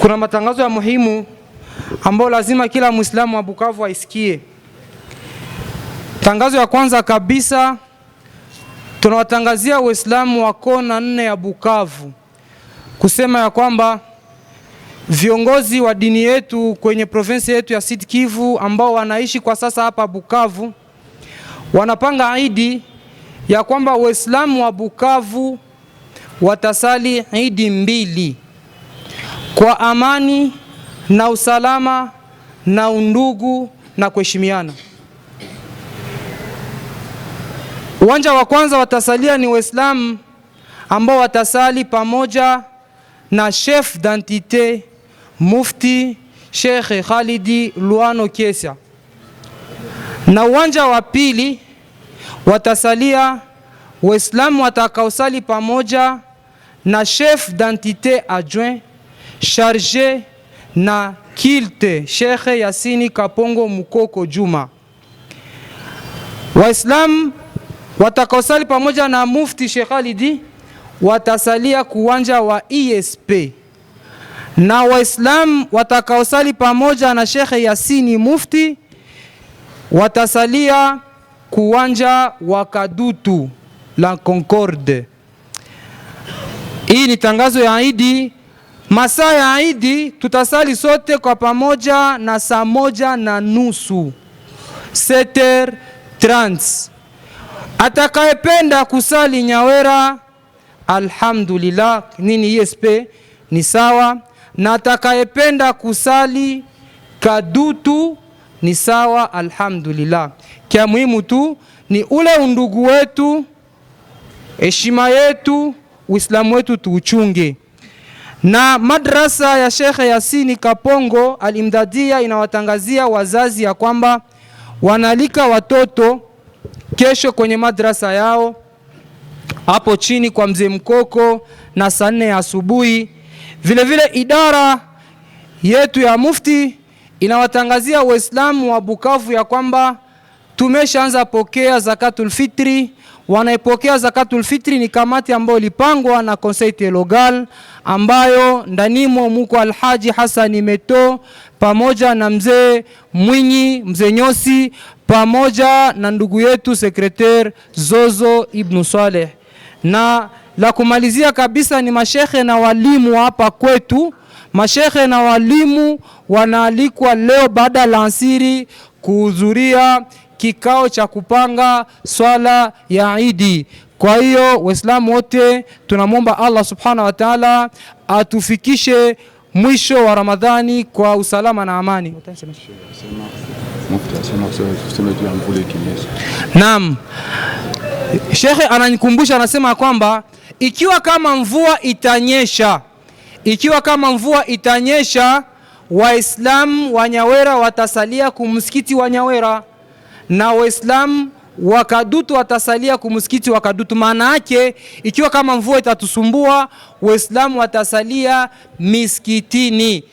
Kuna matangazo ya muhimu ambayo lazima kila Muislamu wa Bukavu aisikie. Tangazo ya kwanza kabisa, tunawatangazia Waislamu wa kona nne ya Bukavu kusema ya kwamba viongozi wa dini yetu kwenye provinsi yetu ya Sud Kivu ambao wanaishi kwa sasa hapa Bukavu wanapanga idi ya kwamba Waislamu wa Bukavu watasali idi mbili kwa amani na usalama na undugu na kuheshimiana. Uwanja wa kwanza watasalia ni Waislamu ambao watasali pamoja na chef d'entité Mufti Sheikh Khalidi Luano Kiesa, na uwanja wa pili watasalia Waislamu watakaosali pamoja na chef d'entité adjoint Sharje na Kilte Shekhe Yasini Kapongo Mukoko Juma. Waislamu watakaosali pamoja na Mufti Sheikh Alidi watasalia kuwanja wa ESP na Waislamu watakaosali pamoja na Shekhe Yasini Mufti watasalia kuwanja wa Kadutu la Concorde. Hii ni tangazo ya Idi Masaa ya Idi tutasali sote kwa pamoja na saa moja na nusu seter trans. Atakayependa kusali nyawera, alhamdulillah nini ESP ni sawa, na atakayependa kusali kadutu ni sawa, alhamdulillah. Kya muhimu tu ni ule undugu wetu, heshima yetu, Uislamu wetu tuuchunge. Na madrasa ya Shekhe Yasini Kapongo Alimdadia inawatangazia wazazi ya kwamba wanalika watoto kesho kwenye madrasa yao hapo chini kwa mzee Mkoko na saa nne ya asubuhi. Vilevile idara yetu ya mufti inawatangazia Waislamu wa Bukavu ya kwamba tumeshaanza pokea zakatul fitri wanaepokea zakatul fitri ni kamati ambayo ilipangwa na Conseil telogal ambayo ndanimo muko Alhaji Hasani Meto pamoja na mzee Mwinyi, mzee Nyosi pamoja na ndugu yetu sekretari Zozo Ibnu Saleh. Na la kumalizia kabisa ni mashehe na walimu hapa kwetu. Mashehe na walimu wanaalikwa leo baada ya lansiri kuhudhuria kikao cha kupanga swala ya Idi. Kwa hiyo Waislamu wote tunamwomba Allah subhanahu wa taala atufikishe mwisho wa Ramadhani kwa usalama na amani. Naam, shekhe ananikumbusha, anasema kwamba ikiwa kama mvua itanyesha, ikiwa kama mvua itanyesha, Waislamu Wanyawera watasalia kumsikiti Wanyawera na Waislamu wakadutu watasalia kumsikiti wakadutu. Maana yake ikiwa kama mvua itatusumbua, Waislamu watasalia miskitini.